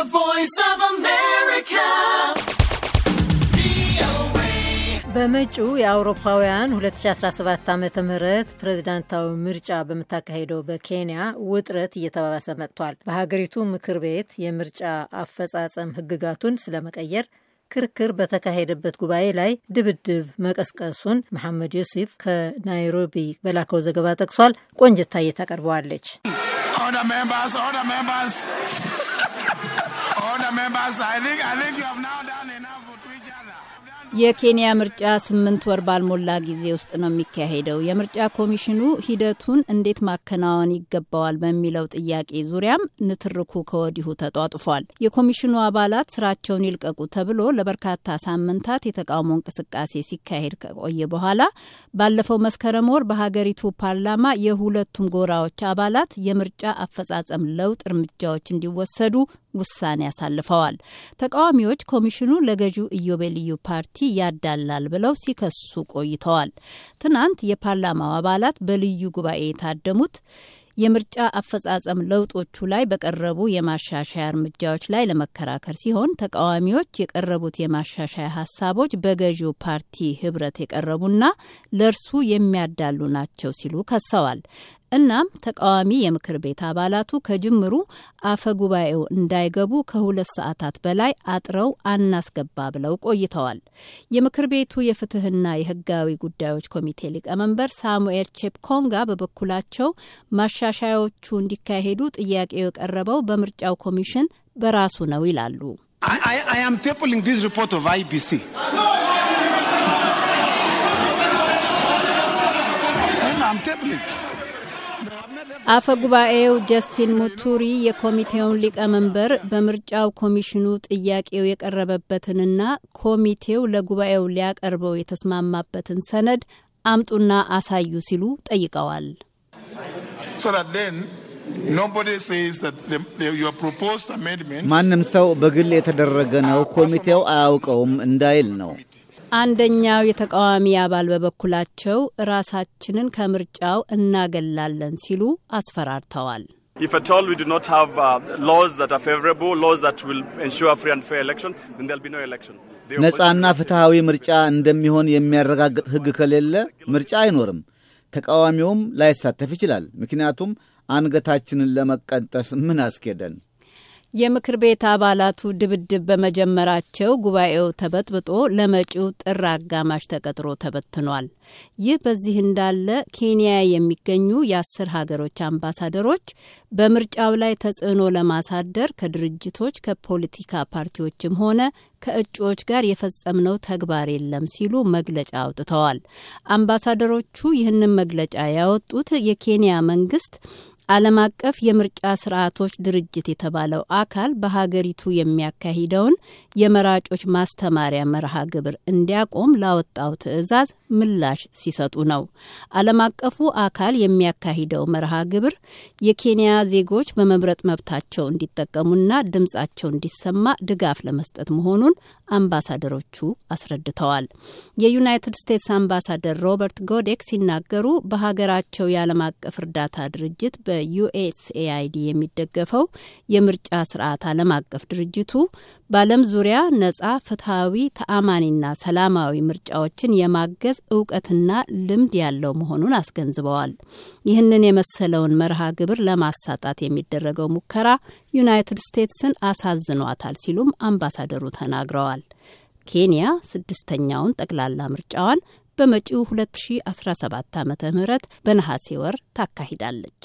The Voice of America. በመጪው የአውሮፓውያን 2017 ዓ ም ፕሬዝዳንታዊ ምርጫ በምታካሄደው በኬንያ ውጥረት እየተባባሰ መጥቷል። በሀገሪቱ ምክር ቤት የምርጫ አፈጻጸም ህግጋቱን ስለመቀየር ክርክር በተካሄደበት ጉባኤ ላይ ድብድብ መቀስቀሱን መሐመድ ዮሴፍ ከናይሮቢ በላከው ዘገባ ጠቅሷል። ቆንጅታ እየታቀርበዋለች። የኬንያ ምርጫ ስምንት ወር ባልሞላ ጊዜ ውስጥ ነው የሚካሄደው። የምርጫ ኮሚሽኑ ሂደቱን እንዴት ማከናወን ይገባዋል በሚለው ጥያቄ ዙሪያም ንትርኩ ከወዲሁ ተጧጥፏል። የኮሚሽኑ አባላት ስራቸውን ይልቀቁ ተብሎ ለበርካታ ሳምንታት የተቃውሞ እንቅስቃሴ ሲካሄድ ከቆየ በኋላ ባለፈው መስከረም ወር በሀገሪቱ ፓርላማ የሁለቱም ጎራዎች አባላት የምርጫ አፈጻጸም ለውጥ እርምጃዎች እንዲወሰዱ ውሳኔ አሳልፈዋል። ተቃዋሚዎች ኮሚሽኑ ለገዢው ኢዮቤልዩ ፓርቲ ያዳላል ብለው ሲከሱ ቆይተዋል። ትናንት የፓርላማው አባላት በልዩ ጉባኤ የታደሙት የምርጫ አፈጻጸም ለውጦቹ ላይ በቀረቡ የማሻሻያ እርምጃዎች ላይ ለመከራከር ሲሆን ተቃዋሚዎች የቀረቡት የማሻሻያ ሀሳቦች በገዢው ፓርቲ ህብረት የቀረቡና ለእርሱ የሚያዳሉ ናቸው ሲሉ ከሰዋል። እናም ተቃዋሚ የምክር ቤት አባላቱ ከጅምሩ አፈ ጉባኤው እንዳይገቡ ከሁለት ሰዓታት በላይ አጥረው አናስገባ ብለው ቆይተዋል። የምክር ቤቱ የፍትህና የህጋዊ ጉዳዮች ኮሚቴ ሊቀመንበር ሳሙኤል ቼፕኮንጋ በበኩላቸው ማሻሻያዎቹ እንዲካሄዱ ጥያቄው የቀረበው በምርጫው ኮሚሽን በራሱ ነው ይላሉ። አፈ ጉባኤው ጀስቲን ሙቱሪ የኮሚቴውን ሊቀመንበር በምርጫው ኮሚሽኑ ጥያቄው የቀረበበትንና ኮሚቴው ለጉባኤው ሊያቀርበው የተስማማበትን ሰነድ አምጡና አሳዩ ሲሉ ጠይቀዋል። ማንም ሰው በግል የተደረገ ነው፣ ኮሚቴው አያውቀውም እንዳይል ነው። አንደኛው የተቃዋሚ አባል በበኩላቸው ራሳችንን ከምርጫው እናገላለን ሲሉ አስፈራርተዋል። uh, ነጻና ፍትሐዊ ምርጫ እንደሚሆን የሚያረጋግጥ ሕግ ከሌለ ምርጫ አይኖርም። ተቃዋሚውም ላይሳተፍ ይችላል። ምክንያቱም አንገታችንን ለመቀንጠስ ምን አስኬደን? የምክር ቤት አባላቱ ድብድብ በመጀመራቸው ጉባኤው ተበጥብጦ ለመጪው ጥር አጋማሽ ተቀጥሮ ተበትኗል። ይህ በዚህ እንዳለ ኬንያ የሚገኙ የአስር ሀገሮች አምባሳደሮች በምርጫው ላይ ተጽዕኖ ለማሳደር ከድርጅቶች ከፖለቲካ ፓርቲዎችም ሆነ ከእጩዎች ጋር የፈጸምነው ተግባር የለም ሲሉ መግለጫ አውጥተዋል። አምባሳደሮቹ ይህንን መግለጫ ያወጡት የኬንያ መንግስት ዓለም አቀፍ የምርጫ ስርዓቶች ድርጅት የተባለው አካል በሀገሪቱ የሚያካሂደውን የመራጮች ማስተማሪያ መርሃ ግብር እንዲያቆም ላወጣው ትዕዛዝ ምላሽ ሲሰጡ ነው። ዓለም አቀፉ አካል የሚያካሂደው መርሃ ግብር የኬንያ ዜጎች በመምረጥ መብታቸው እንዲጠቀሙና ድምጻቸው እንዲሰማ ድጋፍ ለመስጠት መሆኑን አምባሳደሮቹ አስረድተዋል። የዩናይትድ ስቴትስ አምባሳደር ሮበርት ጎዴክ ሲናገሩ በሀገራቸው የዓለም አቀፍ እርዳታ ድርጅት በዩኤስኤአይዲ የሚደገፈው የምርጫ ስርዓት ዓለም አቀፍ ድርጅቱ በዓለም ዙሪያ ዙሪያ ነጻ፣ ፍትሐዊ፣ ተአማኒና ሰላማዊ ምርጫዎችን የማገዝ እውቀትና ልምድ ያለው መሆኑን አስገንዝበዋል። ይህንን የመሰለውን መርሃ ግብር ለማሳጣት የሚደረገው ሙከራ ዩናይትድ ስቴትስን አሳዝኗታል ሲሉም አምባሳደሩ ተናግረዋል። ኬንያ ስድስተኛውን ጠቅላላ ምርጫዋን በመጪው 2017 ዓ ም በነሐሴ ወር ታካሂዳለች።